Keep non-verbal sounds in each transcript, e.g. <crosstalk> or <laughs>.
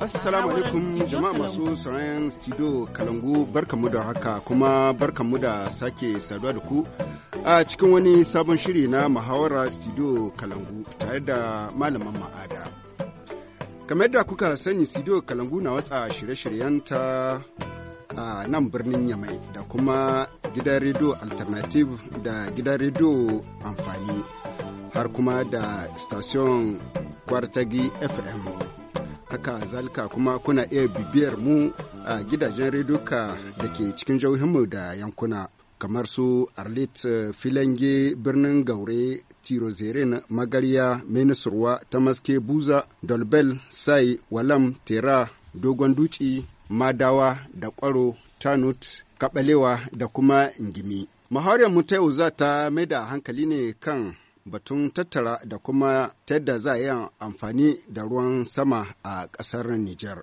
assalamu alaikum jama'a masu sauran studio kalangu barkanmu da haka kuma barkanmu da sake saduwa da ku a cikin wani sabon shiri na muhawara studio kalangu tare da malaman ma'ada kamar da kuka sani studio kalangu na watsa shirye-shiryenta a nan birnin Yamai da kuma gidan rediyo Alternative da gidan rediyo Amfani har kuma da station Kwartagi FM. Haka zalika kuma kuna iya bibiyar mu a gidajen reduka da ke cikin jauhinmu da yankuna kamar su Arlit Filange birnin Gaure tirozerin magarya minisurwa ta maske buza dolbel sai walam tera dogon duci madawa da kwaro tanut kabalewa da kuma ngimi mahauriyar mu ta yau za ta mai da hankali ne kan batun tattara da kuma ta yadda za a yi amfani da ruwan sama a ƙasar Nijar.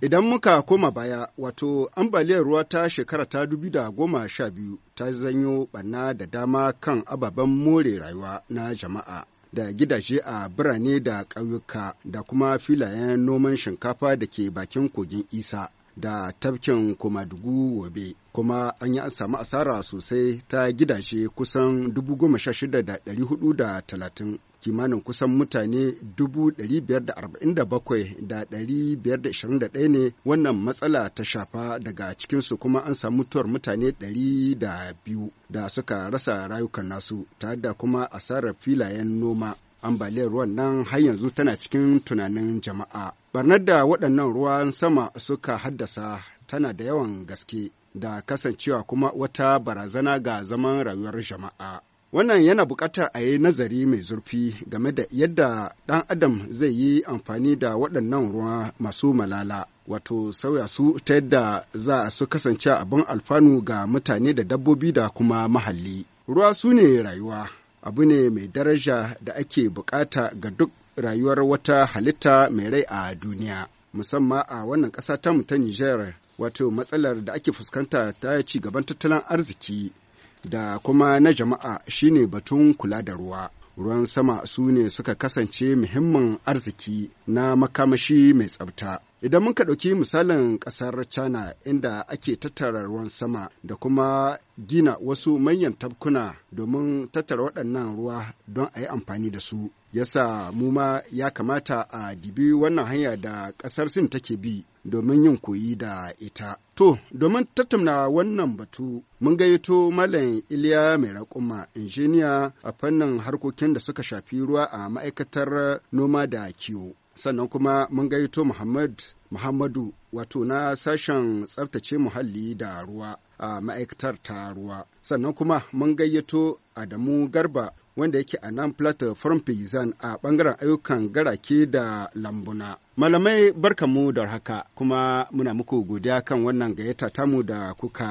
Idan muka koma baya, wato ambaliyar ruwa ta shekara ta goma sha biyu ta zanyo ɓanna da dama kan ababen more rayuwa na jama'a. da gidaje a birane da ƙauyuka da kuma filayen noman shinkafa da ke bakin kogin isa da tafkin Komadugu wabe Kuma an yi samu asara sosai ta gidaje kusan 16,430 kimanin kusan mutane 547,521 ne wannan matsala ta shafa daga cikinsu kuma an samu mutuwar mutane 200 da suka rasa rayukan nasu tare da kuma asarar filayen noma ambaliyar ruwan nan har yanzu tana cikin tunanin jama'a barnar da waɗannan ruwan sama suka haddasa tana da yawan gaske da kasancewa kuma wata barazana ga zaman rayuwar jama'a wannan yana buƙatar a yi nazari mai zurfi game da yadda ɗan adam zai yi amfani da waɗannan ruwa masu malala wato sauya su ta yadda za su kasance abin alfanu ga mutane da dabbobi da kuma mahalli ruwa su ne rayuwa abu ne mai daraja da ake bukata ga duk rayuwar wata halitta mai rai a duniya musamman a wannan ƙasa ta ta Nijar wato matsalar da ake fuskanta ta ci gaban tattalin arziki da kuma na jama'a shine batun kula da ruwa. Ruwan sama su ne suka kasance muhimmin arziki na makamashi mai tsabta. Idan muka ɗauki misalin ƙasar China inda ake tattara ruwan sama da kuma gina wasu manyan tabkuna domin tattara waɗannan ruwa don a yi amfani da su. Yasa mu ma ya kamata a dibi wannan hanya da ƙasar Sin take bi domin yin koyi da ita. To, domin tattauna wannan batu, mun gayyato Malam Iliya mai raƙuma, injiniya a fannin harkokin da suka shafi ruwa a ma'aikatar noma da kiwo. sannan kuma mun gaito Muhammad Muhammadu wato na sashen tsaftace muhalli da ruwa a ma'aikatar ta ruwa. Sannan kuma mun gayyato Adamu Garba wanda yake a nan platform Pizan a bangaren ayyukan garake da lambuna. Malamai barka mu da haka kuma muna muku godiya kan wannan gayyata tamu da kuka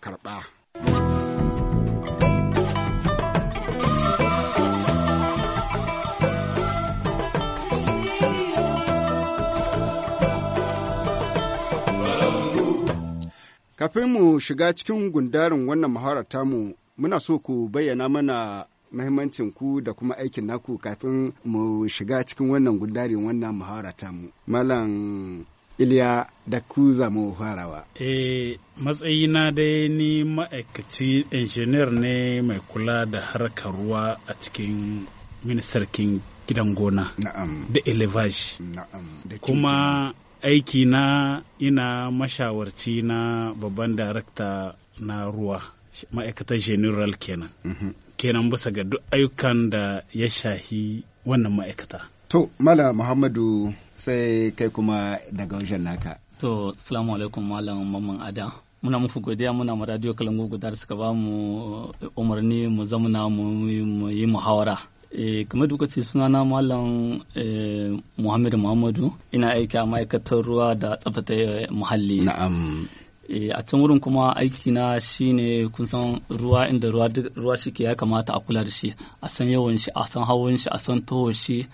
karɓa. Kafin mu shiga cikin gundarin wannan muhawarar tamu muna so ku bayyana mana mahimmancin ku da kuma aikin naku kafin mu shiga cikin wannan gundarin wannan muhawarar tamu. Malam Iliya da ku za farawa. E, eh, matsayina dai ni ma'aikaci injiniyar ne mai kula da harkar ruwa a cikin ministarkin gidan gona. Na'am. Da elevage. kuma aiki na ina mashawarci na babban darakta na ruwa ma'aikatar general kenan mm -hmm. kenan bisa ga duk ayyukan da ya shahi wannan ma'aikata to mala muhammadu sai kai kuma daga wajen naka to salamu alaikum malam mamman ada muna muku godiya muna ma radio kalangu guda suka ba mu umarni mu zamuna mu yi muhawara Eh, kamar da kuka ce na Malam eh, Muhammad Muhammadu ina aiki a ma'aikatar ruwa da tsaftace muhalli. Na'am. Eh, a can wurin kuma aikina shine kun san ruwa inda ruwa shi ke ya kamata a kula da shi a san yawan shi a san hawan shi a san taho shi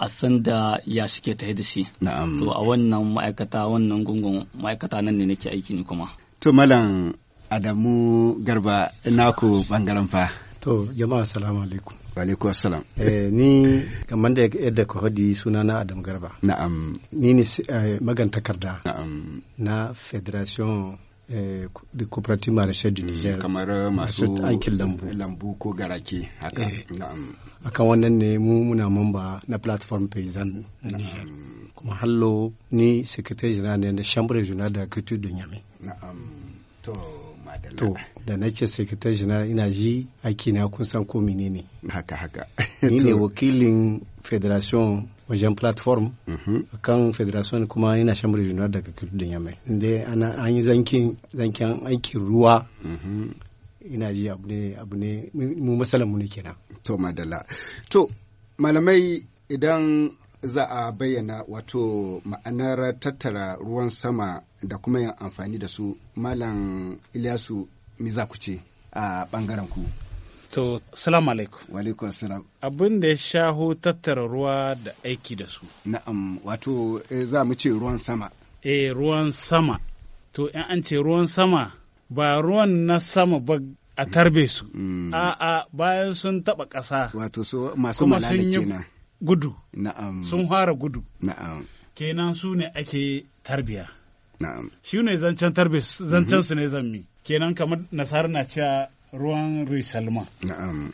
a san da ya shi ke tafi da shi. To a wannan ma'aikata wannan gungun ma'aikata nan ne nake aiki ne kuma. To Malam Adamu Garba naku bangaren fa. To jama'a salamu alaikum. Wa alaikum assalam. Eh, ni kamar da yadda ka hadi suna na Adam Garba. Na'am. Ni ne eh, maganta karda Na'am. Na Federation eh, da Cooperative Marashe du mm, Niger. Kamar masu aikin lambu. Lambu ko garake haka. Eh. Na'am. Akan wannan ne mu muna mamba na platform paysan. Na'am. Kuma hallo ni secretary general ne na Chambre Regionale d'Agriculture de Niamey. Na'am. To to da na ce sekretar janar ina ji aiki na kun san ko ne. haka haka <laughs> ni ne wakilin federation wajen platform mm-hmm. kan federation kuma ina shan regional daga kudu yamai Inde an yi zankin aikin ruwa mm-hmm. ina ji abu ne abu ne mu masalan mu ne kenan to madala. to malamai idan za a bayyana wato ma'anar tattara ruwan sama da kuma yin amfani da su malam ilyasu mizakuce a bangaren ku to salamu alaikum walaikum salam abin da ya shaho tattara ruwa da aiki da su na'am wato eh, za mu ce ruwan sama eh ruwan sama to in an ce ruwan sama ba ruwan na sama ba a tarbe su mm. a'a bayan sun taba ƙasa wato su masu malala na gudu na'am sun fara gudu na'am kenan su ne ake tarbiya na'am shi ne zancen tarbiya zancen mhm. su ne zanmi. kenan kamar nasar na cewa ruwan risalma na'am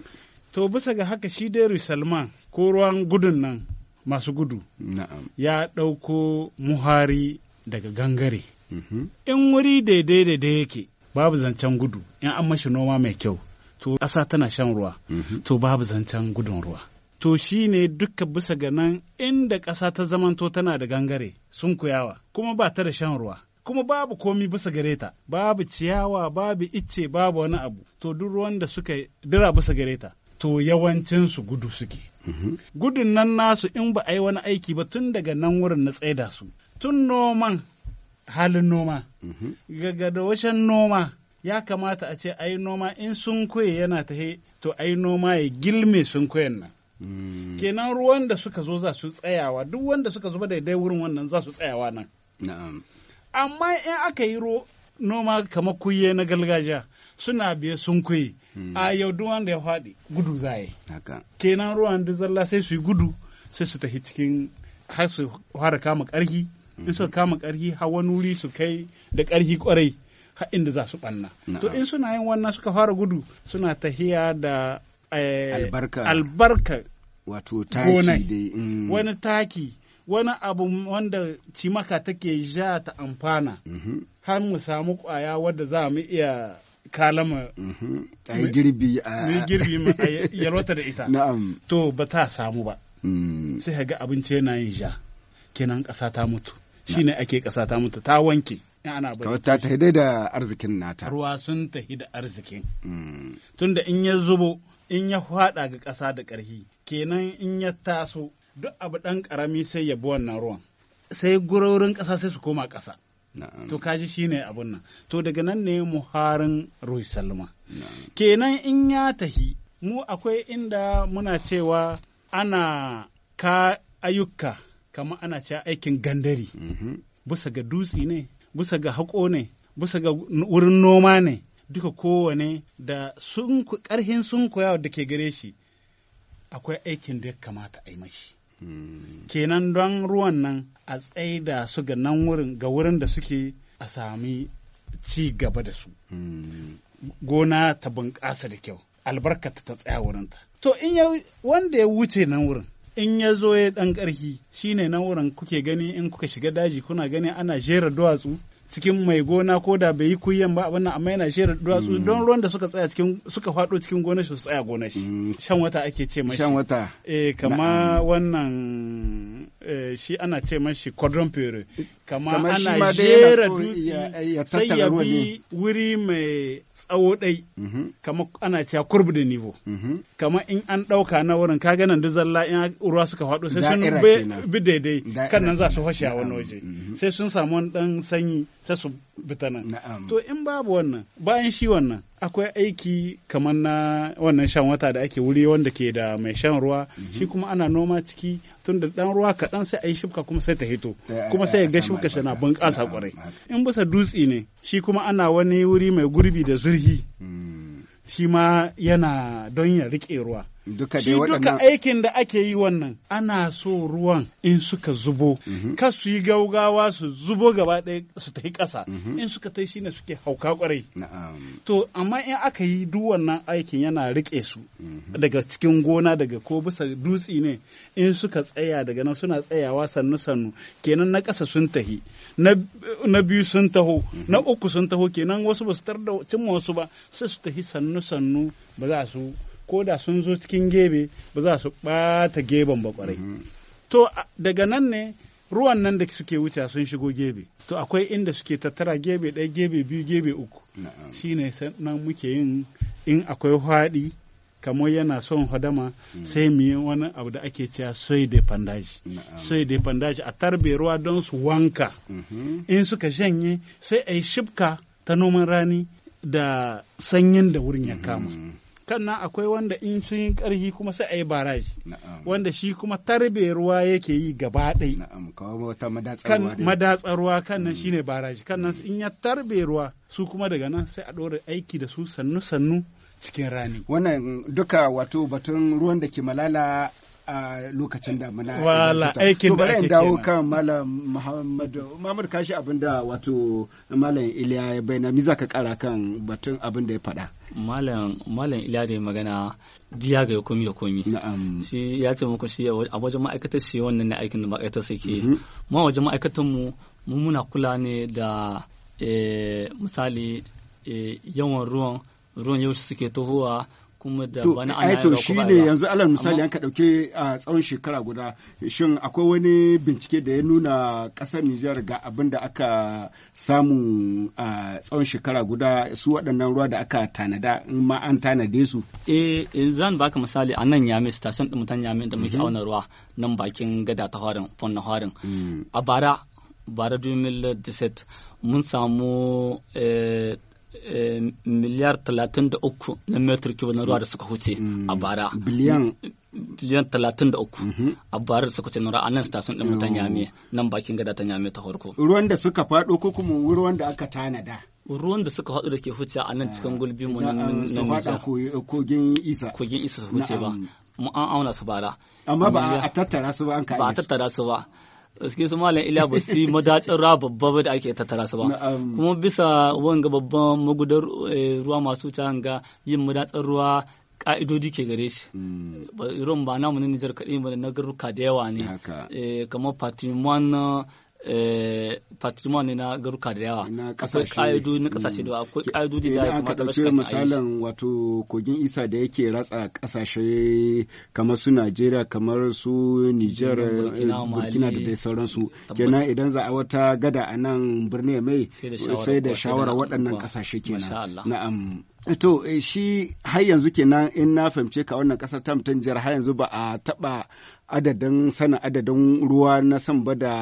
to bisa ga haka shi dai risalma ko ruwan gudun nan masu gudu na'am ya ɗauko muhari daga gangare mhm. in wuri daidai daidai yake babu zancen gudu in an mashi noma mai kyau to ƙasa tana shan ruwa mhm. to babu zancen gudun ruwa to shi ne duka bisa ga nan inda ƙasa ta zamanto tana da gangare sun kuyawa kuma ba ta da shan ruwa kuma babu komi bisa gare ta babu ciyawa babu icce babu wani abu to duk ruwan da suka dira bisa gare ta to su gudu suke mhm. gudun nan nasu in ba a yi wani aiki ba tun daga nan wurin na tsaida su tun noman halin noma mhm. ga dawashen noma ya kamata a ce ai noma in sun koye yana tahe to ai noma ya gilme sun koyan nan Mm. kenan ruwan da suka zo za su tsayawa duk wanda suka zuba daidai wurin wannan za su tsayawa nan amma in aka yi noma kamar kuye na gargajiya suna biye sun kuye mm. a yau duk wanda ya faɗi gudu za yi kenan ruwan da zalla sai su yi gudu sai su tafi cikin har su fara kama ƙarfi in suka mm-hmm. kama ƙarfi har wani wuri su kai da ƙarfi ƙwarai har inda za su ɓanna to in suna yin wannan suka fara gudu suna tahiya da eh, albarka wato taki dai mm. wani taki wani abu wanda cimaka take ja ta amfana mhm. har mu samu kwaya wadda za mu iya kalama mhm. girbi. a yi girbi a yalwata da ita <laughs> na'am to ba ta samu ba mm. sai ga abinci yana yin ja kenan ƙasa ta mutu shi ne ake ƙasa ta mutu ta wanke ana ta tahi da arzikin nata ruwa sun tahi da arzikin mm. tunda in ya zubo in ya haɗa ga ƙasa da ƙarfi kenan in ya taso duk abu ɗan ƙarami sai ya bi wannan ruwan sai gurorin ƙasa sai su koma ƙasa to kaji ne abun nan to daga nan ne muharin ruhi salma kenan in ya tahi mu akwai inda muna cewa ana ka ayyuka kama ana cewa aikin gandari mm bisa ga dutse ne bisa ga haƙo ne bisa ga wurin noma ne duka kowane da sun ku karhin sun koyawa da ke gare shi akwai aikin da ya kamata a yi mashi hmm. kenan don ruwan nan a da su ga nan wurin ga wurin da suke a sami ci gaba da su hmm. gona ta bunƙasa da kyau albarkata ta tsaya wurin ta. to in ya wanda ya wuce nan wurin in ya zo ya ɗan ƙarfi shine nan wurin kuke gani in kuka shiga daji kuna gani ana jera duwatsu cikin mai gona ko da bai yi kuyan ba abin amma yana shera duwatsu mm. don ruwan da suka tsaya cikin suka fado cikin gonar shi su tsaya gonar shi mm. shan wata ake ce mashi shan wata eh kama wannan eh, shi ana ce mashi cordon pere kama ana jera dutse sai ya bi wuri mai tsawo ɗai mhm. kama ana cewa kurbu da nivo mhm. kama in an ɗauka na wurin ka nan zalla in ruwa suka faɗo sai sun bi daidai kan nan za su fashe a wani waje mhm. sai sun samu wani ɗan sanyi sai su bita nan to in babu wannan bayan shi wannan akwai aiki kamar na wannan shan wata da ake wuri wanda ke da mai shan ruwa shi kuma ana noma ciki tun da dan ruwa kaɗan sai a yi shifka kuma sai ta hito eh, kuma sai ya ga shifka shi na bunƙasa kwarai in bisa dutse ne shi kuma ana wani wuri mai gurbi da zurhi hmm. shi ma yana don ya riƙe ruwa duka dai waɗannan aikin da ake yi wannan ana so ruwan in suka zubo mhm. kar su yi gaugawa su zubo gaba ɗaya su tafi ƙasa mhm. in suka shi ne suke hauka kwarai to amma in aka yi duk wannan aikin yana riƙe su mhm. daga cikin gona daga ko bisa dutsi ne in suka tsaya daga nan suna tsayawa sannu sannu kenan na ƙasa sun tahi na biyu sun taho na uku sun taho kenan wasu ba su tar da cimma wasu ba sai su tahi sannu sannu ba za su ko da sun zo cikin gebe ba za su ɓata geben ba kwarai mm-hmm. to daga nan ne ruwan nan da suke wuce sun shigo gebe to akwai inda suke tattara gebe ɗaya gebe biyu gebe uku shine nan muke yin in akwai haɗi kamar yana son hadama mm. sai mu yi wani abu da ake cewa soy de pandaji soy de pandaji a tarbe ruwa don su wanka mm-hmm. in suka shanye sai a yi shibka ta noman rani da sanyin da wurin ya mm-hmm. kama kannan akwai wanda in sun yi ƙarfi kuma sai a yi baraji wanda shi kuma tarbe ruwa yake yi gaba ɗai kan ruwa kan nan mm. ne baraji kan nan mm. in ya tarbe ruwa su kuma daga nan sai a ɗora aiki da su sannu sannu cikin rani. Wannan duka wato batun ruwan da ke malala a lokacin damuna wala aikin da ake dawo kan malam muhammadu muhammadu kashi abinda wato malam iliya ya bayyana mi zaka kara kan batun abin da ya faɗa malam malam iliya da magana jiya ga komi ya komi shi ya ce muku shi a wajen ma'aikatar shi wannan na aikin da ma'aikatar suke mm-hmm. mu a wajen ma'aikatar mu mun muna kula ne da eh, misali eh, yawan ruwan ruwan yau suke tohuwa kuma da wani ana eh, shi ne yanzu alal misali an ka dauke a ah, tsawon shekara guda shin akwai wani bincike da ya nuna kasar Nijar ga abin da aka samu a ah, tsawon shekara guda su waɗannan ruwa da aka tanada in ma an tanade su eh, eh zan baka misali a nan Yami station din mutan Yami da muke mhm. auna ruwa nan bakin gada ta harin fonna horin mm. a bara bara 2017 mun samu eh, miliyar uku na metar kiwo na ruwa da suka huce a mm. bara biliyan biliyan uku. Mm-hmm. a bara da suka huce na ruwa a nan stasin ɗin ta nyame nan bakin gada ta nyame ta farko ruwan da suka faɗo ko kuma ruwan da aka tanada ruwan da suka haɗu da ke huce a nan cikin ah. gulbi mu ah, na. nan eh, kogin isa kogin isa su huce ba mu an auna su bara amma ba a tattara su ba an ka ba a tattara su ba gaske su malam iliya ba su madacin ruwa babba ba da ake tattara su ba kuma bisa wanga babban magudar eh, ruwa masu ta hanga yin madatsar ruwa ka'idodi ke gare shi hmm. ruwan ba namu na nijar kaɗai ba na garuka da yawa ne eh, kamar patrimoine Eh, patrimoine na garuka da yawa akwai ƙa'idodi na mm. kasashe da akwai ƙa'idodi da ya kamata rashin aiki misalan wato kogin isa da yake ratsa kasashe kamar su Najeriya kamar su Niger eh, Burkina da dai sauransu kenan idan za a wata gada a nan birnin mai sai da shawara waɗannan kasashe kenan na'am to eh, shi har yanzu kenan in na fahimce ka wannan kasar ta mutum jihar har yanzu ba a taba adadin sana adadin ruwa na samba da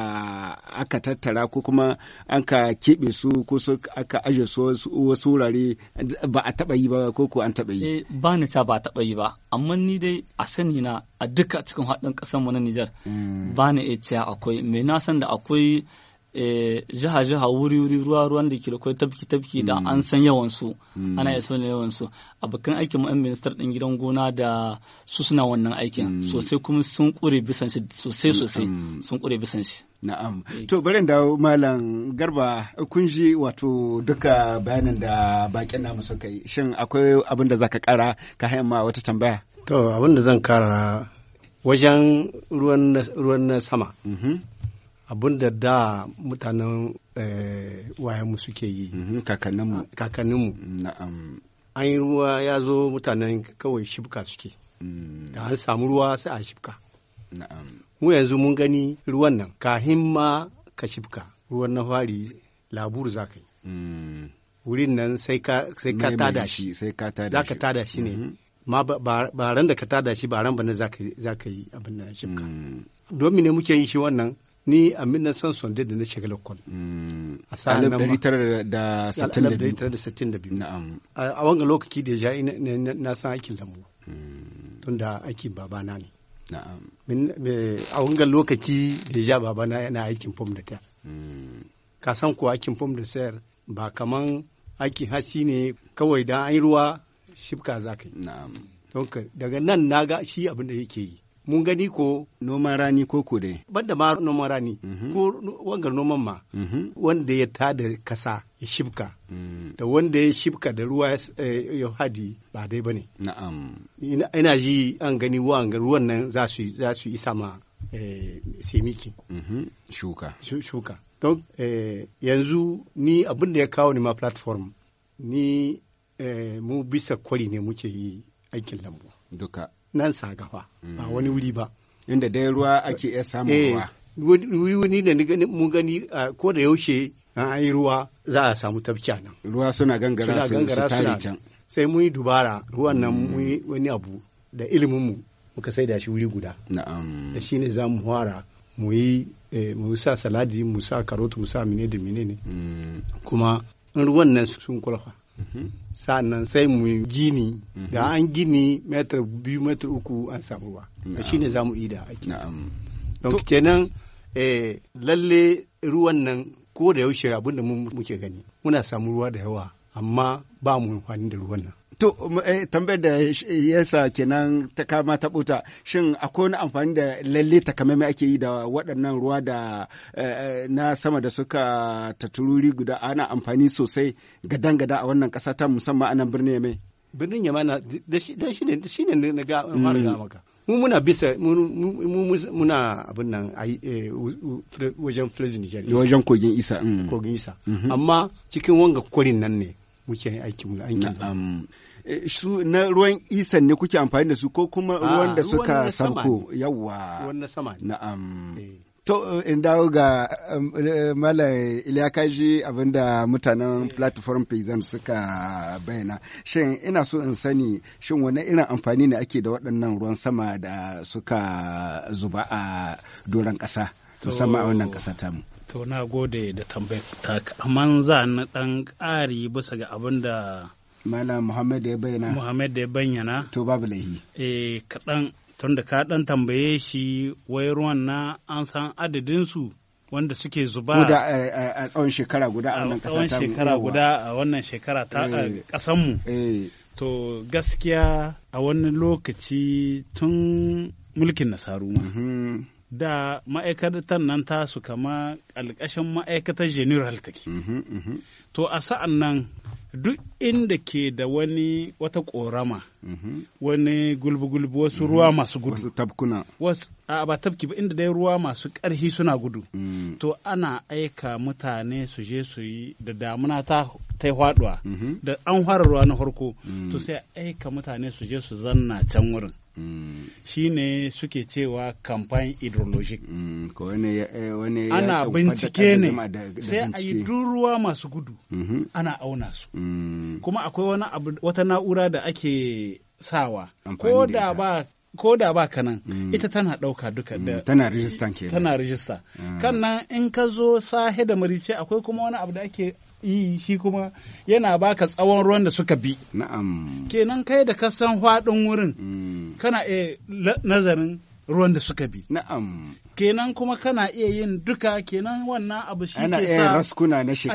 aka tattara ko kuma an ka keɓe su ko su aka aje su wasu wurare ba a taɓa yi ba ko ko an taɓa yi. Eh, ba ni ta ba taɓa yi ba amma ni dai a sani na a duka cikin haɗin ƙasar mu na Nijar hmm. ba ni iya cewa akwai me na san da akwai Eh, jiha-jiha wuri-wuri ruwa-ruwan da ke da kwai tafki-tafki da hmm. an san su hmm. ana iya sanin yawansu abokan aikin mu'an 'yan ministar ɗin gidan gona da su suna wannan aikin hmm. sosai kuma sun ƙure bisan shi sosai sosai sun ƙure bisan shi Na'am. Eh. To bari dawo Malam Garba kun ji wato duka bayanan da bakin namu suka yi. Shin akwai abin da zaka kara ka hayan ma wata tambaya? To abin da zan kara wajen ruwan sama. Mm-hmm. abin da da mutanen eh, wayanmu suke yi mm-hmm. kakanninmu an yi ruwa ya zo mutanen kawai shibka suke mm. da an samu ruwa sai a shibka mu yanzu mun gani ruwan nan kahin ma ka shibka ruwan na fari laburu za ka yi mm. wurin nan sai ka tada shi za ka tada shi ne mm-hmm. ma ba ran da ka tada shi ba ran bane za ka yi abin na shibka mm. domin ne muke yin shi wannan ni a 1962 da na shiga lakon. Mm. A sa'an nan ma. A wanga lokaci da ja na san aikin lambu. Mm. Tun da aikin babana ne. A wanga lokaci da ja babana yana aikin fom da ta. Mm. Ka san ko aikin fom da sayar ba kaman aikin hasi ne kawai dan an yi ruwa shifka za ka yi. Na'am. daga nan na ga shi abin da yake yi. mun gani ko noman rani ko ko dai banda ma noman rani mhm. ko wanga noman ma mhm. wanda ya tada kasa ya shibka mm. da wanda ya shibka da ruwa eh, ya hadi ba dai bane na'am ina ji an gani wanga ruwan nan za su za su isa ma eh, semiki mhm. shuka shuka don eh, yanzu ni abin da ya kawo ni ma platform ni mu bisa kwari ne muke yi aikin lambu duka nan gaba ba wani wuri ba inda dai ruwa ake iya samun eh, ruwa wuri wuri da mun gani ko da yaushe an yi ruwa za a samu tafkiya nan ruwa suna gangara su tare can sai mun yi dubara ruwan nan mm. mun yi wani abu da ilimin mu muka sai da shi wuri guda da shi ne za mu fara mu yi eh, mu sa saladi mu sa karotu mu sa mine da mine ne mm. kuma in ruwan nan sun kulfa sa'annan sai mu gini mhm. da an gini metar biyu metar uku an samu ruwa shi ne za mu ida ke don kenan eh, lalle ruwan nan ko da yaushe abinda muke gani muna samu ruwa da yawa amma ba mu amfani da ruwan nan To, eh, tambayar da yasa kenan ta kama ta buta shin akwai wani amfani da lalle takamaimai ake yi da waɗannan ruwa da eh, eh, na sama da suka tattururi guda ana amfani sosai gadan-gada a wannan ƙasa ta musamman a nan birnin Yamai? Birnin Yamai na da shi ne shi ne na ga mm. maka. Mu muna bisa mu muna abin nan eh, wajen Flazin Nijar. Wajen kogin Isa. Mm. Kogin Isa. Mm-hmm. Amma cikin wanga kwarin nan ne. muke yin aikin mu aikin eh, su na ruwan isan ne kuke amfani da su ko kuma ah, ruwan da suka sabko yawa ruwan na sama na'am eh. To in dawo ga um, eh, Malam Iliya Kaji abinda mutanen platform Payzan suka bayyana. Shin ina so in sani shin wani irin amfani ne ake da waɗannan ruwan sama da suka zuba a doron ƙasa musamman a wannan ƙasa tamu. To na gode da tambayar taka. Amma za na ɗan ƙari bisa ga abin da Malam Muhammad ya bayyana. Muhammad ya bayyana. To babu laihi. Eh kaɗan da ka ɗan tambaye shi wai ruwan na an san adadinsu wanda suke zuba. Guda eh, eh, a tsawon shekara guda a wannan A tsawon shekara guda a wannan shekara ta eh. mu. To gaskiya a wani lokaci tun mulkin nasaru ma. Mhm. da ma'aikatar nan tasu kama alƙashin ma'aikatar general take. Mhm, mhm. To a sa'an nan duk inda ke da wani wata ƙorama, mhm. wani gulbi-gulbi wasu ruwa masu gudu. Wasu tabkuna. a ba tabki ba inda dai ruwa masu ƙarfi suna gudu. Mm. To ana aika mutane su je su yi da damuna ta ta da an fara ruwa na farko. Mm. To sai aika mutane su je su zanna can wurin. Mm. shi ne suke cewa kamfan hydrologic mm, eh, ana bincike ne sai a yi ruwa masu gudu mm-hmm. ana auna su mm. kuma akwai wata na'ura da ake sawa ko da ba ka nan ita tana ɗauka duka da tana rijista ah. in ka zo sahe da marice akwai kuma wani abu da ake yi shi kuma yana baka tsawon ruwan da suka bi na'am kenan kai da ka san faɗin wurin mm. kana iya nazarin ruwan da suka bi. Na'am. Kenan kuma kana iya yin duka kenan wannan abu shi ke sa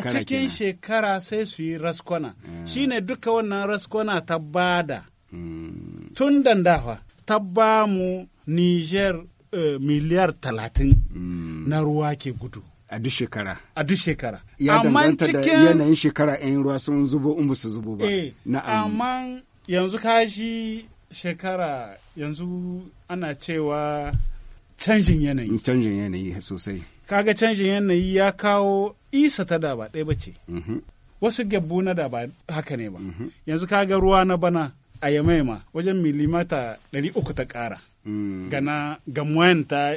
a cikin shekara sai su yi raskuna. Mm. Shi ne duka wannan raskuna ta bada. Mm. Tun dandafa ta ba mu Niger eh, miliyar talatin na ruwa ke gudu. A duk shekara. A duk shekara. Ya danganta da yanayin shekara 'yan ruwa sun zubo in su zubo ba. Eh, na amma yanzu kashi shekara yanzu ana cewa canjin yanayi. Mm, canjin yanayi sosai. Kaga canjin yanayi ya kawo isa ta da ba ɗaya ba ce. Mm-hmm. Wasu gyabbu na da ba haka ne ba. Mm-hmm. Yanzu kaga ruwa na bana a yamaima wajen milimata ɗari uku ta ƙara. Mm. gana ga ta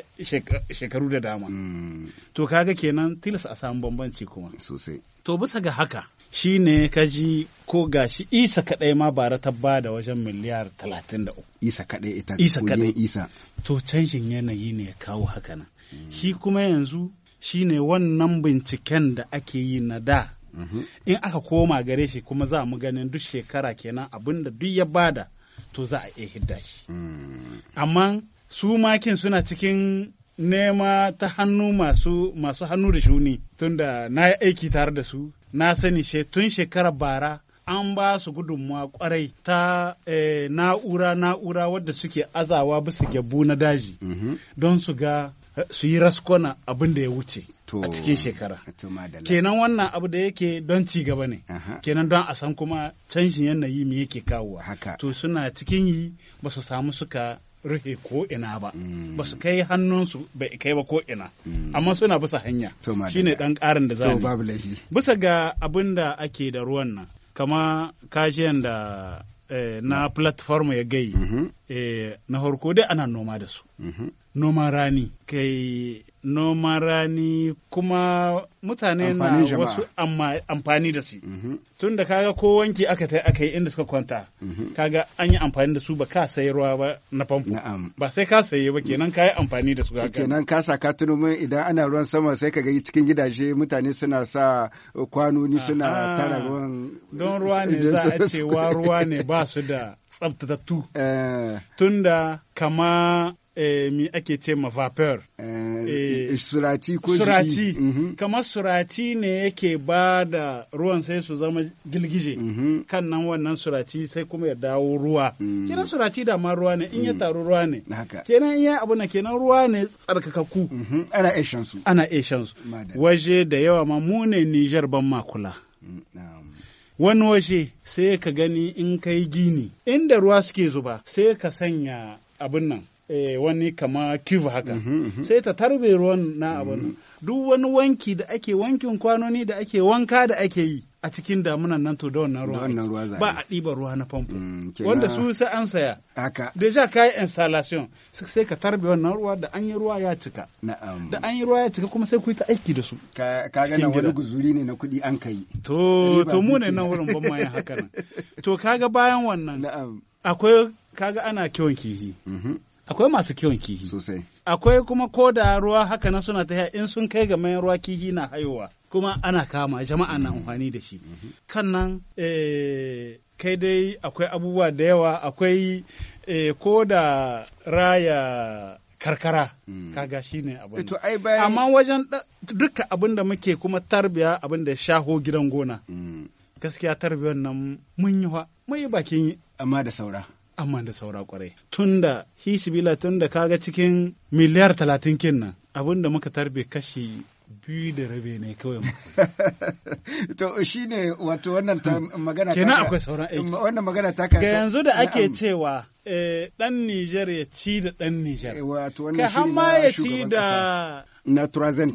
shekaru da dama mm. to kaga kenan tilas a samu bambanci kuma sosai to bisa ga haka shi ne kaji ji ko gashi isa kadai ma bara ta ba da wajen miliyar 33 isa kadai ita isa kadai isa to canjin yanayi ne ya kawo haka nan mm. shi kuma yanzu shi ne wannan binciken da ake yi na da mm-hmm. in aka koma gare shi kuma za mu ganin duk shekara kenan abinda duk ya bada to za a iya hidda shi hmm. amma su makin suna cikin nema ta hannu masu masu hannu da shuni tunda na yi aiki tare da su na sani she tun shekarar bara an ba su gudunmuwa kwarai ta eh, na'ura na'ura wadda suke azawa bisa gyabu na daji mhm. don su ga su yi raskona abin da ya wuce a cikin shekara kenan wannan abu da yake don ci gaba ne kenan don a san kuma canjin yanayi mai yake kawo to suna cikin yi ba su samu suka rufe ko ina ba mm. ba su kai hannunsu bai kai ba ko ina mm. amma suna bisa hanya shine dan karin da za bisa ga abin da ake da ruwan nan kama kajiyan da Eh, na platform ya gai mhm. eh, na harko dai ana noma da su mhm. noman rani kai noman rani kuma mutane na wasu amfani da su mhm. tun da kaga ko wanki aka ta aka yi inda suka kwanta mhm. kaga an yi amfani da su ba ka sayi ruwa ba na famfo ba sai ka sayi ba kenan ka yi amfani da su ga kenan ka sa ka tuno min idan ana ruwan sama sai ka ga cikin gidaje mutane suna sa kwanoni suna tara ruwan don ruwa ne za a cewa <laughs> ruwa ne ba su da tsabtatattu eh. tunda kama Eh, mi ake ce ma vapeur. Eh, eh, surati ko surati mhm. kamar surati ne yake ba da ruwan sai su zama gilgije mhm. kan nan wannan surati sai kuma ya dawo ruwa mm. kenan surati da ma ruwa ne in ya mm. taru ruwa ne kenan iya abu na kenan ruwa ne tsarkakaku mhm. ana eshansu. su ana eshansu. waje da yawa ma mu ne nijar ban makula mm, wani waje sai ka gani in kai gini inda ruwa suke zuba sai ka sanya abin nan Eh, wani kama kivu haka mhm, mhm. sai ta tarbe ruwan na mhm. abin duk wani wanki da ake wankin kwanoni da ake wanka da ake yi a cikin damunan nan to da wannan ruwa ba a ɗiba ruwa na famfo mm, wanda su sai an saya haka deja ka yi installation sai ka tarbe wannan ruwa da an yi ruwa ya cika da an yi ruwa ya cika kuma sai ku yi ta aiki da su ka ga wani guzuri ne na kuɗi an kai to to mu ne nan wurin ban mayan yin haka nan <laughs> to kaga bayan wannan akwai kaga ana kiwon kihi akwai masu kiwon kihi sosai akwai kuma ko da ruwa haka na suna ta in sun kai ga mai ruwa kihi na haihuwa kuma ana kama jama'a na amfani da shi mm-hmm. kan nan eh, kai dai akwai abubuwa da yawa akwai eh, ko da raya karkara mm. kaga ne abin eh, amma wajen duka abin da muke kuma tarbiya abin da shaho gidan gona mm. gaskiya tarbiyar nan mun yi mun yi bakin amma da saura amma da saura kwarai tunda hisibila tunda kaga cikin miliyar talatin kenan abinda muka tarbe kashi biyu da rabe ne kawai <laughs> to shi ne wato wannan hmm. magana kenan akwai sauran aiki mm, wannan magana ta ga yanzu da ake cewa dan eh, Nijar ya ci da dan Nijar eh, wato wannan shi ne ya ci da na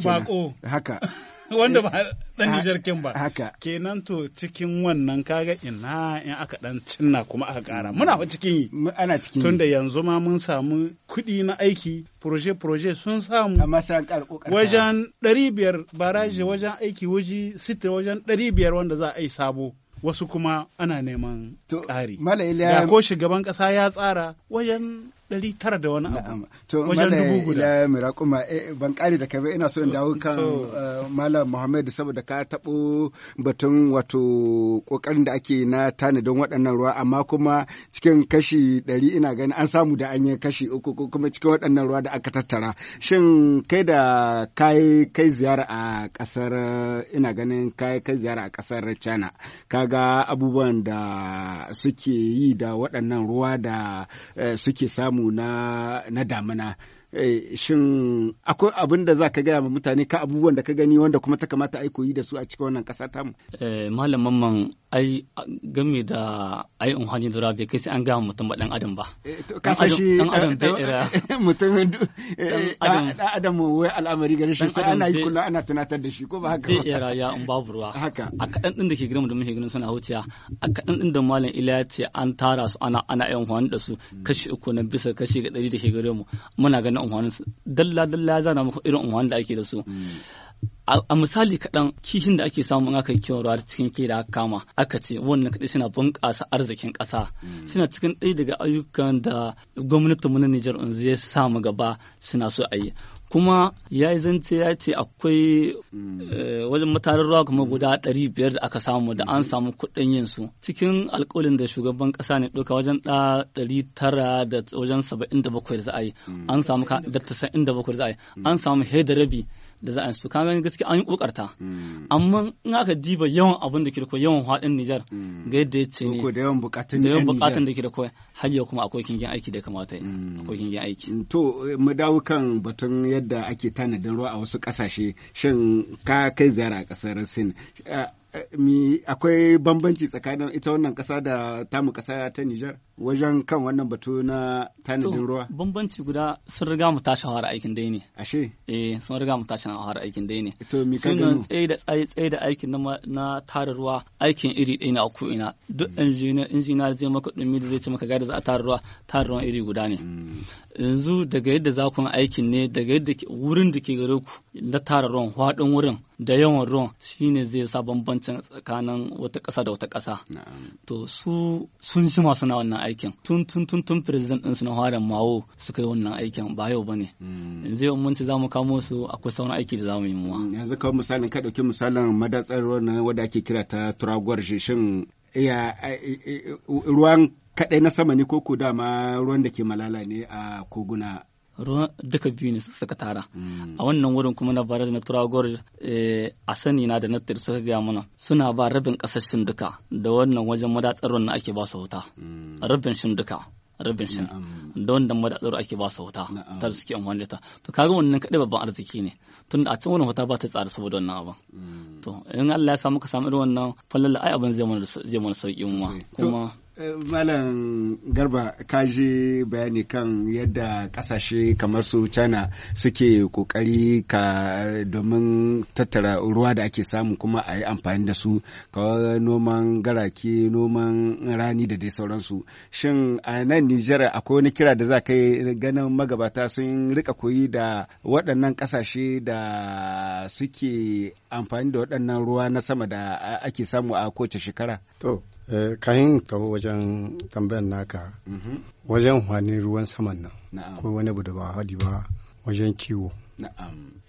Bako haka <laughs> <laughs> wanda ba eh, dan Nijar kin ba. Haka. Kenan to cikin wannan kaga ina in aka dan cinna kuma aka kara. Muna fa cikin yi. Ana cikin Tunda yanzu ma mun samu kuɗi na aiki proje proje sun samu. Amma karko Wajen ɗari biyar baraje wajen aiki waje sita wajen ɗari biyar wanda za a yi sabo. Wasu kuma ana neman ƙari. Mala Iliya. ko shugaban ƙasa ya tsara wajen ɗari tara da wani abu wajen dubu guda. Mala kuma eh, ban da kai ba ina so in dawo kan eh, Malam Muhammad saboda ka taɓo batun wato ƙoƙarin da ake na tanadin waɗannan ruwa amma kuma cikin kashi ɗari ina gani an samu da an yi kashi uku ko kuma cikin waɗannan ruwa da aka tattara. Shin kai da kai kai ziyara a ƙasar ina ganin kai kai ziyara a ƙasar China kaga abubuwan da suke yi da waɗannan ruwa da eh, suke samu samu na, damina Eh, shin akwai abin da za ka gaya ma mutane ka abubuwan da ka gani wanda kuma ta kamata ai koyi da su a cikin wannan ƙasa tamu. Eh, Malam Mamman ai game da ai in hajji dora bai kai sai an gaya mutum ba ɗan adam ba. Eh, ka shi ɗan adam <laughs> bai ira. <laughs> Mutum ɗan adam wai al'amari gari shi sai ana yi kula ana tunatar da shi ko ba haka ba. Bai ira ya in babu ruwa. Haka. A kaɗan ɗin da ke girma da muke ganin suna huciya a kaɗan ɗin da Malam Iliya ce an tara su ana ana yawan da su hmm. kashi uku na bisa kashi ga ɗari da ke gare mu muna ganin dalla dalla zana muku irin unhwanin da ake da su a misali kaɗan kihin da ake samu aka yi kiwon ruwa cikin ke da kama aka ce wannan kaɗai suna bunƙasa arzikin ƙasa mm. suna cikin ɗaya daga ayyukan da gwamnatin mu na Nijar yanzu ya samu gaba suna so a yi kuma ya yi zance ya ce akwai hmm. eh, wajen matarin ruwa kuma guda ɗari biyar da aka samu da an samu kuɗin yin su cikin alkawalin da shugaban ƙasa ne ɗauka wajen ɗa ɗari tara da wajen saba'in da bakwai da za a yi hmm. an samu da tasa'in da bakwai da za a yi hmm. an samu hedarabi rabi da za a su kaga gaskiya an yi kokarta hmm. amma in aka diba yawan abin da ke da yawan hadin Nijar hmm. ga yadda ya ce ne da yawan bukatun da yawan bukatun da ke da koyi hajjia kuma akwai kingin aiki da kamata hmm. akwai kingin aiki to mu dawo kan batun yadda ake tanadin ruwa a wasu kasashe shin ka kai ziyara a kasar Sin eh, akwai bambanci tsakanin ita wannan ƙasa da tamu ƙasa ta Nijar wajen kan wannan batu na tanadin ruwa? Bambanci guda sun riga mu tashi hawar aikin dai ne. Ashe? Eh sun riga mu tashi hawar aikin dai ne. To mi ka gano? Sun da tsaye da aikin na tara ruwa aikin iri ɗaya na ko ina. Duk mm. injiniya zai maka ɗumi da zai ce maka gada za a tara ruwa tara ruwan iri guda ne. Mm. yanzu daga yadda za ku aikin ne daga yadda wurin da ke gare ku na tara ruwan haɗin wurin da yawan ruwan shine zai sa bambancin tsakanin wata ƙasa da wata ƙasa to su sun masu suna wannan aikin tun tun tun tun firizidan ɗinsu na harin mawo suka yi wannan aikin ba yau bane hmm. yanzu yau mun ci za mu kamo su akwai sauran aiki da za mu yi muwa yanzu kawai misalin ka ɗauki misalin madatsar na wadda ake kira ta turaguwar shishin. ya eh, eh, eh, ruwan kaɗai na sama ne ko ko dama ruwan da ke malala ne a koguna ruwan duka biyu ne suka tara hmm. a wannan wurin kuma na bara na turagor a sani na da nattar suka gaya mana suna ba rabin ƙasar shinduka da wannan wajen madatsar na ake ba su wuta hmm. rabin shinduka rabin shi da wanda ma da tsoro ake ba su wuta ta suke amfani da ta to kaga wannan kadai babban arziki ne tun a cikin wannan wuta ba ta tsara saboda wannan abin mm. to in Allah ya samu ka samu irin wannan falalla ai abin zai mana sauki mu kuma Eh, Malam Garba ka ji bayani kan yadda kasashe kamar su China suke kokari ka domin tattara ruwa da ake samu kuma a yi amfani da su kawai noman garake noman rani da dai sauransu. Shin a nan Nijar akwai wani kira da za ka ganin magabata sun rika koyi da waɗannan kasashe da suke amfani da waɗannan ruwa na sama da ake samu a kowace shekara? To. Eh, kayan kama wajen tambayar naka mm-hmm. wajen hwani ruwan saman nan ko wani abu da ba haɗi ba wajen kiwo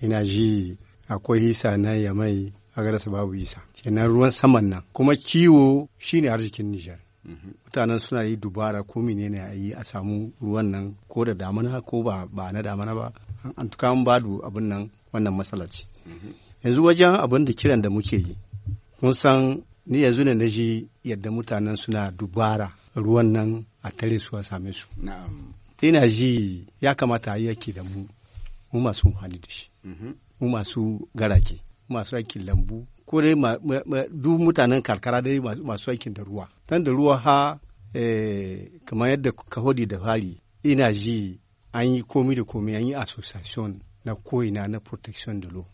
ina ji akwai hisa na ya mai a su babu isa kenan ruwan saman nan kuma kiwo shine arzikin nijar mm-hmm. mutanen suna yi dubara ko ne a yi a samu ruwan nan ko da damana ko ba ba na damana ba an tuka an badu abin nan wannan matsala mm-hmm. yanzu wajen abin da kiran da muke yi mun san ni yanzu ne na ji yadda mutanen suna dubara ruwan nan a tare su a same su ina ji ya kamata a yi yake da mu mu masu hannu da shi mhm. mu masu garake masu aikin lambu ko dai duk mutanen karkara dai masu aikin da ruwa dan da ruwa ha eh, kamar yadda ka hodi da fari ina ji an yi komi da komi an yi association na koina na protection da law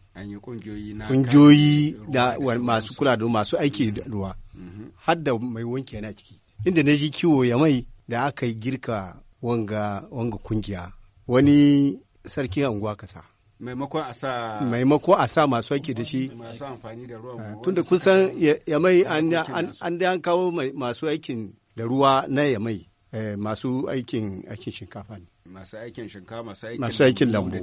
kungiyoyi da masu kula da masu aiki da ruwa mm-hmm. har da mai wanke yana ciki inda na ji kiwo ya mai da aka yi girka wanga wanga kungiya wani sarki anguwa kasa maimakon a sa maimako a sa masu aiki da shi eh, tunda kusan ya mai an an kawo masu aikin da ruwa na ya mai Eh, masu aikin aikin shinkafa ne masu aikin shinkafa masu aikin lambu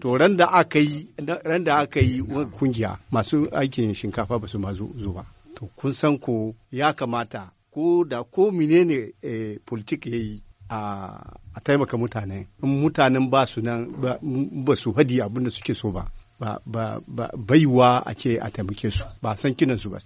to ran da aka yi ran da aka yi kungiya masu aikin shinkafa ba su ma zo ba to kun san ko ya kamata ko da ko menene eh, politik ya yi a taimaka mutane in mutanen ba su nan ba su hadi abin da suke so ba ba baiwa a ce a taimake su ba san kinan su ba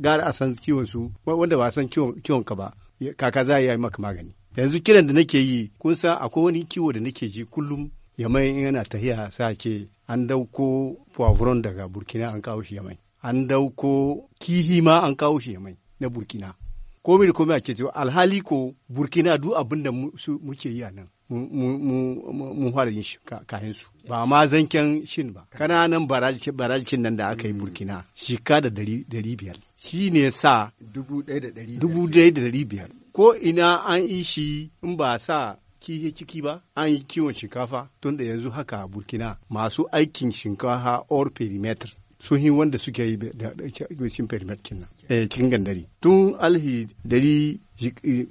gara a san kiwon su wanda ba san kiwon ka ba kaka za ya yi maka magani yanzu kiran da nake yi kun san akwai wani kiwo da nake ji kullum yamai in yana tahiya ke an dauko poivron daga burkina an kawo shi yamai an dauko kihi ma an kawo shi yamai na burkina komai da komai a ce alhali ko burkina duk abin da muke yi a nan mun fara yin shi kayan su ba ma zanken shin ba kananan barajikin nan da aka yi burkina shika da dari biyar shi ne sa dubu ɗaya da dari biyar ko ina an yi shi in ba sa kihe ciki ba an yi kiwon shinkafa tunda yanzu haka burkina masu aikin shinkafa or perimeter sun wanda suke yi da cikin perimet kenan eh cikin gandari tun alhi dari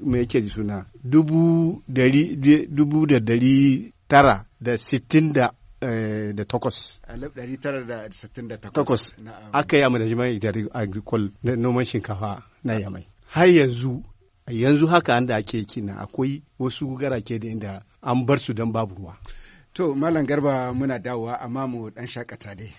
mai yake da suna dubu dari dubu da dari tara da sittin da eh, da takwas. Alif ɗari tara da sittin da takwas. Aka yi a jima'i da agricol na noman shinkafa na yamai. Har yanzu yanzu haka an da ake kina akwai wasu gara ke da inda an bar su don babu ruwa. To Malam Garba muna dawowa amma mu ɗan shakata dai.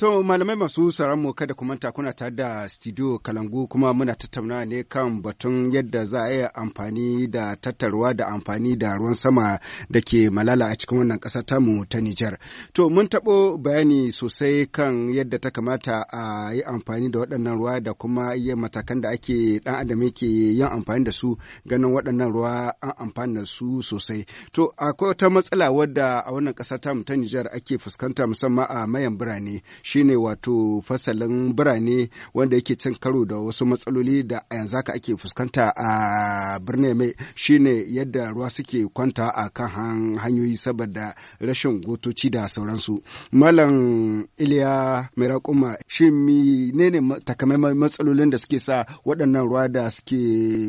To malamai masu mu kada ku manta kuna tare da studio Kalangu kuma muna tattauna ne kan batun yadda za a yi amfani da tattarwa da amfani da ruwan sama da ke malala a cikin wannan ƙasar tamu ta Nijar. To mun taɓo bayani sosai kan yadda ta kamata a yi amfani da waɗannan ruwa da kuma iya matakan da ake ɗan adam yake yin amfani da su ganin waɗannan ruwa an amfani da su sosai. To akwai wata matsala wadda a wannan ƙasar tamu ta Nijar ake fuskanta musamman a mayan birane. shine wato fasalin birane wanda yake cin karo da wasu matsaloli da a yanzu haka ake fuskanta a birnin mai shine yadda ruwa suke kwanta a kan hanyoyi saboda rashin gotoci da sauransu malam iliya mirakuma shi ne takamaiman matsalolin da suke sa waɗannan ruwa da suke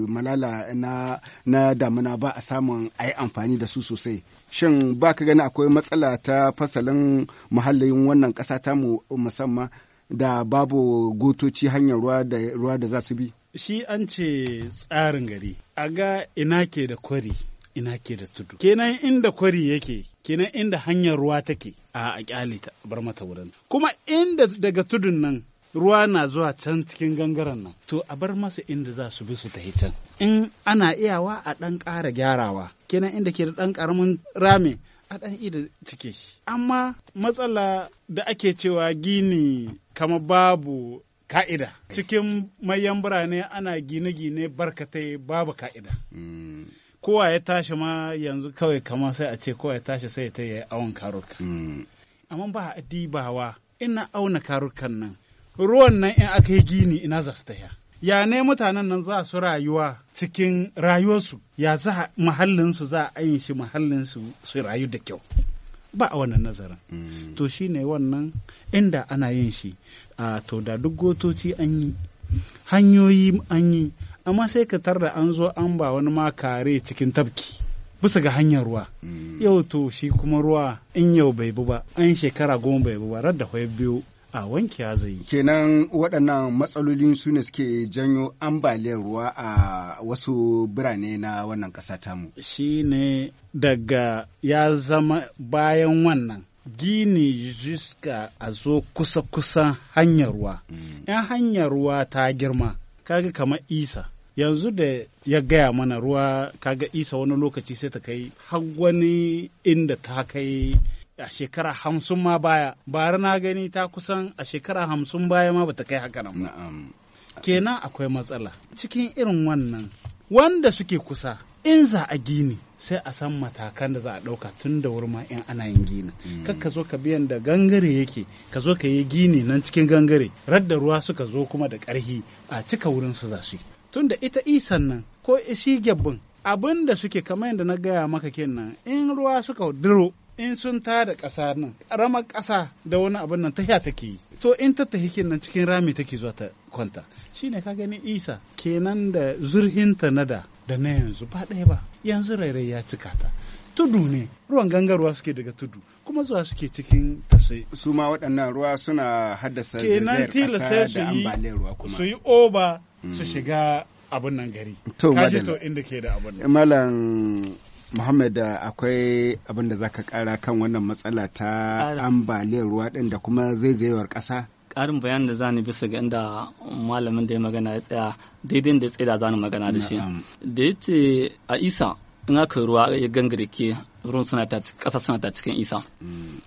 malala na damuna ba a samun a yi amfani da su sosai shin ba ka gani akwai matsala ta fasalin muhallin wannan ƙasa ta mu musamman da babu gotoci hanyar ruwa da ruwa da za su bi shi an ce tsarin gari a ga ina ke da kwari ina ke da tudu kenan inda kwari yake kenan inda hanyar ruwa take a a ta bar mata wurin kuma inda daga tudun nan ruwa na zuwa can cikin gangaren nan to a bar masa inda za su bi su tafi can in ana iyawa a ɗan ƙara gyarawa kenan inda ke da ɗan ƙaramin rami a ɗan ida cike shi amma matsala da ake cewa gini kama babu ka'ida cikin mayan birane ana gine-gine barkatai babu ka'ida mm. kowa ya tashi ma yanzu kawai kama sai a ce kowa ya tashi sai ta yi awon karuka mm. amma ba a dibawa ina auna karukan nan ruwan nan in aka yi gini ina za su taya ya ne mutanen nan za su rayuwa cikin rayuwarsu ya za mahallinsu za a yin shi mahallinsu su rayu da kyau ba a wannan nazarin mm. to shi ne wannan inda ana yin shi a to da duk gotoci an yi hanyoyi an yi amma sai ka tarda an zo an ba wani ma kare cikin tabki bisa ga hanyar ruwa mm. yau to shi kuma ruwa in yau bai bi ba an shekara goma bai bi ba da kwaya biyu a wanke zai kenan waɗannan matsalolin su ne suke janyo ambaliyar ruwa a wasu birane na wannan ƙasa tamu shi ne daga ya zama bayan wannan gini jiska a zo kusa-kusa hanyar ruwa yan mm. hanyar ruwa ta girma kaga kamar isa yanzu da ya gaya mana ruwa kaga isa wani lokaci sai ta kai har wani inda ta kai a shekara hamsin ma baya bara na gani ta kusan a shekara hamsin baya ma bata kai haka nan kenan akwai matsala cikin irin wannan wanda suke kusa in za a gini sai a san matakan da za a ɗauka tun da wurma in ana yin gini mm. kar ka zo ka biyan da gangare yake ka zo ka yi gini nan cikin gangare radda ruwa suka zo kuma da ƙarhi a cika wurin su za su yi tun da ita isan nan ko shi gyabbin abin da suke kamar yadda na gaya maka kenan in ruwa suka duro in sun ta da ƙasa nan ƙarama ƙasa da wani abin nan ta take yi to in ta tahikin nan cikin rami take zuwa ta kwanta shine ka gani isa kenan da zurhinta na da da na yanzu ba ɗaya ba yanzu rairai ya cika ta tudu ne ruwan gangarwa suke daga tudu kuma zuwa suke cikin tasai su ma waɗannan ruwa suna haddasa kenan tilasta su yi su yi oba su hmm. shiga abun nan gari to kaji to inda ke da abun nan Muhammad uh, akwai abin da zaka kara kan wannan matsala ta ambaliyar ruwa ɗin da kuma zaizayewar ƙasa? Ƙarin bayanin da zani bisa ga inda malamin da ya magana ya tsaya daidai da ya tsaya da zani magana da shi. Da ya ce a Isa in aka ruwa ya gangare ke ruwan suna ta ƙasa suna ta cikin isa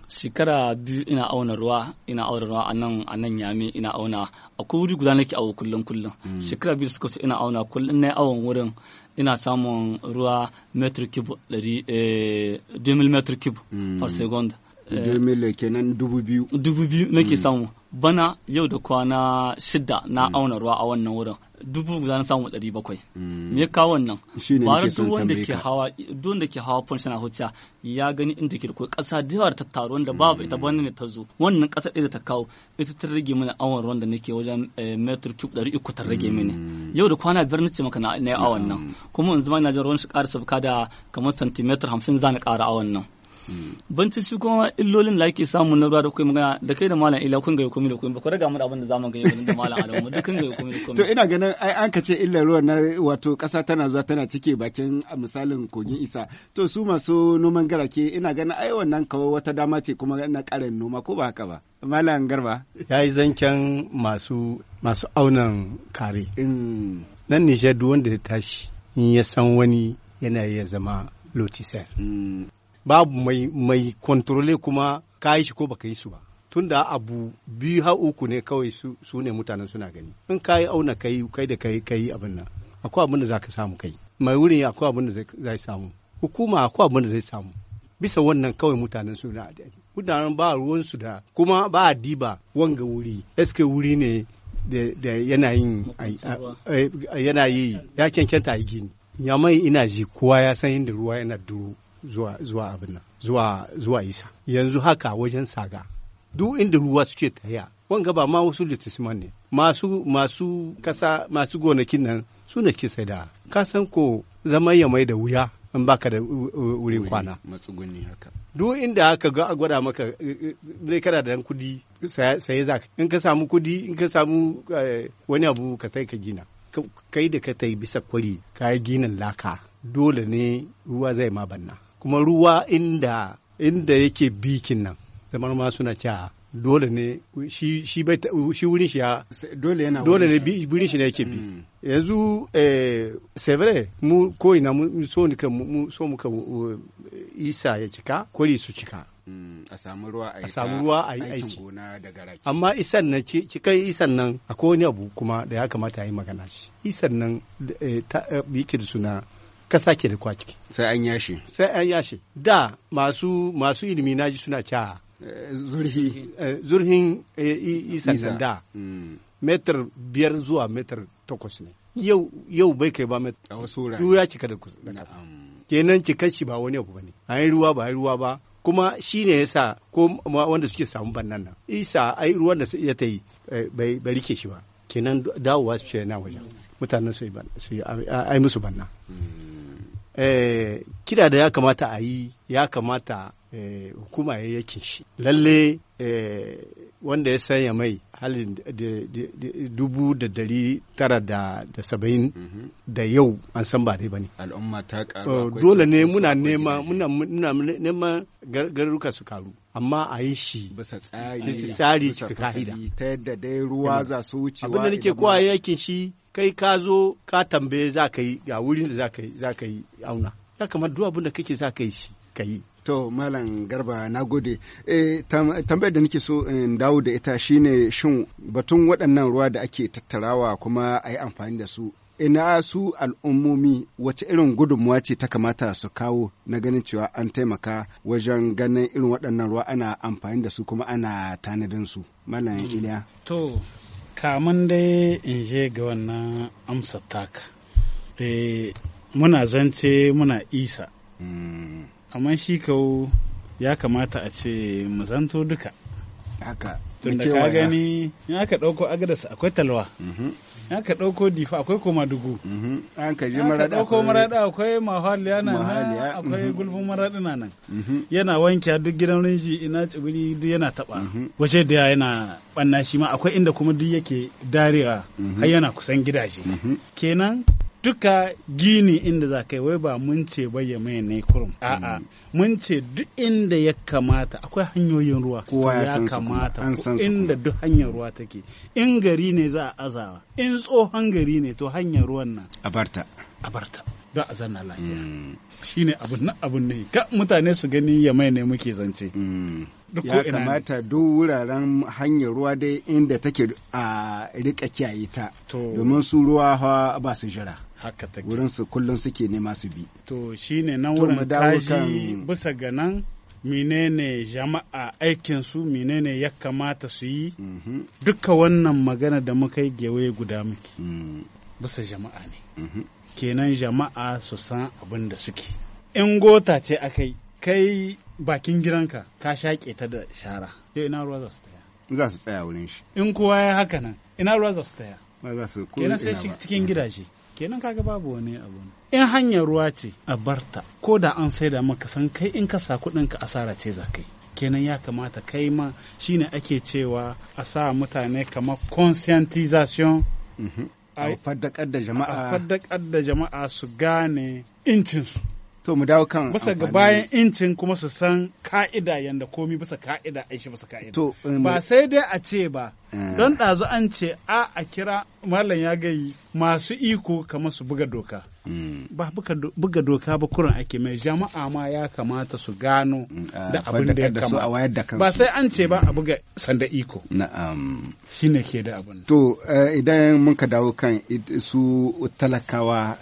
shekara biyu ina auna ruwa ina auna ruwa a nan yami ina auna a kuri guda nake awo kullum kullum hmm. shekara biyu suka ce ina auna kullum na awon wurin ina samun ruwa metric cube 2 eh, mm per second 2000 eh, kenan dubu biyu dubu biyu nake hmm. samu bana yau da kwana shida na hmm. auna ruwa a wannan wurin dubu guda na samu ɗari bakwai hmm. me ya kawo wannan bari duk wanda ke hawa duk wanda ke hawa fon shana hujja ya gani inda ke da ƙasa da yawa ta taru wanda babu ita bane ne ta zo wannan ƙasa ɗaya da ta kawo ita ta rage mana awon ruwan da nake wajen eh, metr cube ɗari uku ta rage mini yau da kwana biyar nace maka na yi awon nan kuma yanzu ma ina jin ruwan shi ƙara sabka da kamar santimetar hamsin za na ƙara awon nan banci shi kuma illolin da ake samu na ruwa da kai magana da kai da malam ila kun gaya komai da komai ba ku raga mu da abin da zamu gaya da malam alamu duk kun gaya komai da komai to ina ganin ai an kace illar ruwa na wato kasa tana zuwa tana cike bakin misalin kogin isa to su masu noman garake ina ganin ai wannan kawai wata dama ce kuma na karin noma ko ba haka ba malam garba Ya yi zancen masu masu aunan kare mm. nan Nijar duk wanda ya tashi in ya san wani yana iya zama lotisar. Mm. babu mai mai kontrole kuma ka yi shi ko baka yi su ba tunda abu biyu ha uku ne kawai su, su ne mutanen suna gani in ka yi auna kai kai da kai kai abin nan akwai abin da zaka samu kai mai wurin akwai abin da zai samu hukuma akwai abin da zai samu bisa wannan kawai mutanen su na mutanen ba su da kuma ba a diba wanga wuri eske wuri ne da yanayin yanayi ya cancanta a gini yamai ina ji kowa ya san inda ruwa yana duro zuwa zuwa abin nan zuwa zuwa isa yanzu haka wajen saga duk inda ruwa suke taya wanga ba ma wasu litisman ne masu masu kasa masu gonakin nan su ne ke sai da ka san ko zama ya mai da wuya in baka da wurin kwana matsuguni haka duk inda haka ga gwada maka zai eh, eh, kana da kudi sai za in ka samu kudi in ka samu eh, wani abu ka tai ka gina kai da ka tai bisa kwari ka ginin laka dole ne ruwa zai ma banna kuma ruwa inda inda yake bikin nan zamar ma suna ca dole ne shi shi bai shi wurin shi ya dole dole ne wurin shi ne yake bi hmm. yanzu eh c'est vrai mu ko ina so muka mu so mu uh, isa ya cika kori su cika a samu ruwa a samu ruwa a yi aiki amma isan nan cikan isan nan akwai wani abu kuma da ya kamata a yi magana shi isan nan yake eh, eh, suna ka sake da kwa ciki sai an yashi sai an yashi da masu masu ilimi na ji suna cewa. Eh, zurhi eh, zurhin eh, isa sanda hmm. hmm. metar biyar zuwa metar takwas ne yau yau bai kai ba metar a wasu wurare ya cika da kusa. kenan cikar shi ba wani abu ne. an yi ruwa ba yi ruwa ba kuma shi ne ya sa ko wanda suke samu bannan nan isa ai ruwan da ya ta yi bai rike shi ba kenan dawowa su ce na wajen mutanen su yi musu banna hmm. Eh, kira da ya kamata a yi ya kamata eh, hukuma ya yakin shi lalle eh, wanda ya sanya mai halin dubu da dari tara da saba'in mhm. da yau an san ba dai ba ne al'umma ta karu oh, dole ne muna nema muna nema garuruka su karu amma a yi shi bisa tsari cikin ka'ida ta yadda dai ruwa za su wucewa abinda nake kowa yakin shi kai ka zo ka tambaye za ka yi ga wurin da za ka yi auna ya kamar duk abin da kake za ka yi shi ka yi To Malam Garba na gode. E, tambayar da nake so in dawo da ita shine shin batun waɗannan ruwa da ake tattarawa kuma a yi amfani da su. Ina su al'ummomi wace irin gudunmuwa ce ta kamata su kawo na ganin cewa an taimaka wajen ganin irin waɗannan ruwa ana amfani da su kuma ana tanadin su. Malam mm. Iliya. To, kamun dai in je ga wannan amsa taka eh, muna zance muna isa mm. amma shi kawo ya kamata a ce mu zanto duka tun da ka gani in aka dauko agadas akwai talwa mhm. in aka dauko difa akwai koma dugu mhm. an ka ji marada akwai marada akwai mahaliya yana nan akwai mhm. gulbin marada nan yana wanke duk gidan rinji ina tsibiri duk yana taba waje da yana banna shi ma akwai inda kuma duk yake darewa har yana kusan gidaje kenan duka gini inda za ka yi wai ba mun ce bayya mai ne kurum a'a mun ce duk inda ya kamata akwai hanyoyin ruwa kowa ya kamata inda duk hanyar ruwa take in gari ne za a azawa in tsohon gari ne to hanyar ruwan nan a barta a barta don a zanna lafiya mm. shi ne abun nan abun ne ka mutane su gani ya mai ne muke zance mm. ya kamata duk wuraren hanyar ruwa dai inda take a rika kiyaye ta domin su ruwa ba su jira haka take wurin su kullun suke nema su bi to shine nan wurin kaji bisa ga nan menene jama'a aikinsu menene ya kamata su yi mhm. duka wannan magana da muka yi gewaye guda muke mm. bisa jama'a ne mhm. kenan jama'a su san abin da suke in gota ce akai kai bakin gidanka ka shaƙe ta da shara yau eh, ina ruwa za su taya za su tsaya wurin shi in kowa ya haka nan ina ruwa za su tsaya kenan sai cikin mhm. gidaje kenan kaga babu wani abu in hanyar ruwa ce a barta ko da an saida maka san kai in ka sa kuɗin ka asara ce za kai kenan ya kamata kai ma shine ake cewa a sa mutane kamar conscientization mhm. a faddakar da jama'a su gane incinsu to mu dawo kan bisa ga bayan incin kuma su san ka'ida yanda komi bisa ka'ida a shi bisa ka'ida um, ba sai dai a ce ba eh. don ɗazu an ce a a kira malam ya gayi masu iko kamar su buga doka Mm. ba buga doka ba kurin ake mai jama'a ma ya kamata su gano mm, da abin da ya kamata ba sai an ce ba a buga sanda iko na'am ne ke da abin to eh, idan mun ka dawo kan su talakawa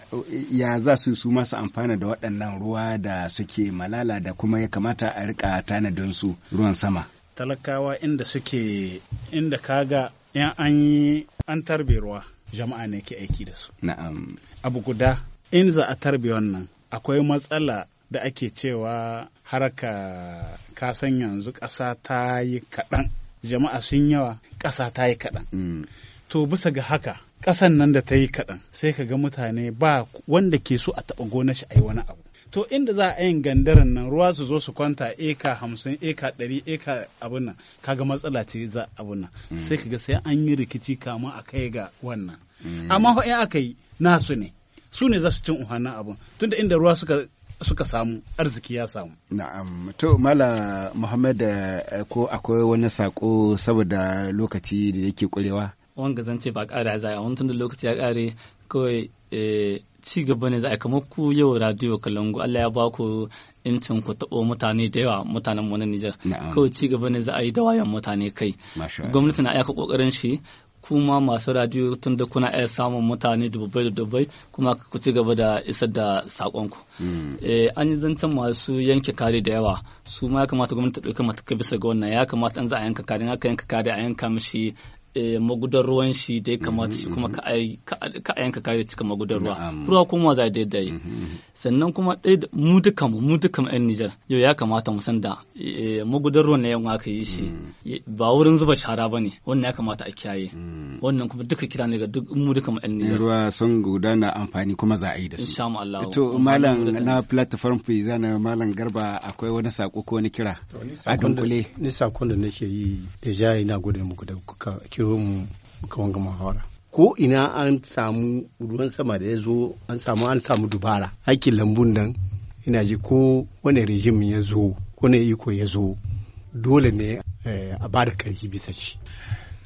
ya za su su masu amfana da waɗannan ruwa da suke malala da kuma ya kamata a rika tanadin su ruwan sama talakawa inda suke inda kaga yan an yi an tarbe ruwa jama'a ne ke aiki da su na'am abu guda in za a tarbe wannan akwai matsala da ake cewa harka kasan yanzu ƙasa ta yi kaɗan jama'a sun yawa ƙasa ta yi kaɗan mm. to bisa ga haka ƙasan nan da ta yi kaɗan sai ka ga mutane ba wanda ke so a taɓa gona shi a yi wani abu to inda za a yin gandaran nan ruwa su zo su kwanta eka hamsin eka ɗari eka abun nan kaga matsala ce za abin nan mm. sai kaga sai an yi rikici kama a kai ga wannan mm. amma fa in aka yi nasu ne su ne za su cin abun abin da inda ruwa suka suka samu arziki ya samu. Na'am, to Mala Muhammad eh, ko akwai wani sako saboda lokaci da yake kurewa? Wanga zance ba ƙara za a wani tunda lokaci ya ƙare kawai eh, ci gaba ne za a kama ku yau radio kalangu Allah ya ba ku incin ku taɓo mutane da yawa mutanen mu na Nijar. Kawai ci gaba ne za a yi da wayan mutane kai. Gwamnati na aika ƙoƙarin shi kuma masu radiyo tun da kuna iya samun mutane dubbai da dubbai kuma ku ci gaba da isar da sakonku. Mm. Eh, an yi zancen masu yanke kare da yawa su ma ya kamata gwamnati ta ɗauki matakai bisa ga wannan ya kamata an za a yanka kare in aka yanka kare a yanka mishi Eh, magudar ruwan shi dai mm-hmm, kamata shi kuma mm-hmm. ka yanka kare cika magudar ruwa ruwa kuma za dai dai mm-hmm, sannan kuma mu duka mu dukan ɗan Nijar yau ya kamata mu san da eh, ruwan na yan aka yi shi mm. ba wurin zuba shara ba ne wannan ya kamata a kiyaye mm. wannan kuma duka kira ne ga duk mu mu ɗan Nijar ruwa sun gudana amfani kuma za a yi da su insha Allah to malam na platform fi zana malam garba akwai wani sako ko wani kira a dunkule ni sakon da nake yi da jayi na gode muku da kuka shirye mu ko ina an samu ruwan sama da ya zo an samu an samu dubara aikin lambun nan ina ji ko wani rejim ya zo wani iko ya zo dole ne eh, a ba da karfi bisa shi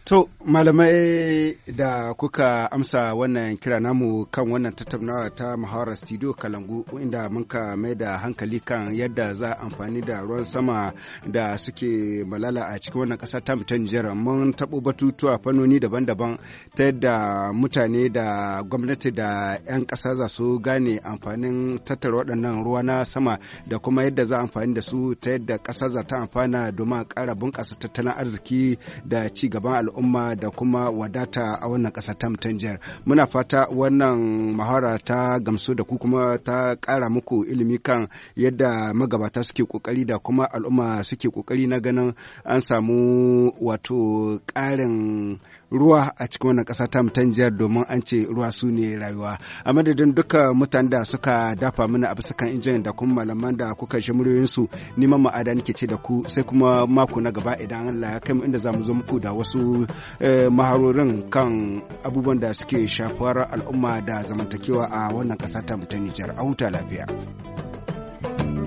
To malamai da kuka amsa wannan kira namu kan wannan tattaunawa ta muhawarar studio Kalangu inda muka mai da hankali kan yadda za amfani da ruwan sama da suke malala a cikin wannan ƙasa ta mutan Nijar mun taɓo batutuwa fannoni daban-daban ta yadda mutane da gwamnati da 'yan ƙasa za su gane amfanin tattara waɗannan ruwa na sama da kuma yadda za amfani da su ta yadda ƙasa za ta amfana domin ƙara bunƙasa tattalin arziki da ci gaban al'umma. al'umma da kuma wadata a wannan ƙasa ta Tanjar. Muna fata wannan mahara ta gamsu da ku kuma ta ƙara muku ilimi kan yadda magabata suke ƙoƙari da kuma al'umma suke ƙoƙari na ganin an samu wato ƙarin ruwa a cikin wannan ƙasa ta mutan jihar domin an ce ruwa su ne rayuwa a madadin duka mutanen da suka dafa mana a sukan da kuma malaman da kuka shi muryoyinsu neman ma'ada nake ce da ku sai kuma mako na gaba idan Allah ya kai mu inda zamu zo muku da wasu eh, maharorin kan abubuwan da suke shafar al'umma da zamantakewa a wannan ƙasa ta mutan Nijar a huta lafiya.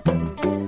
thank you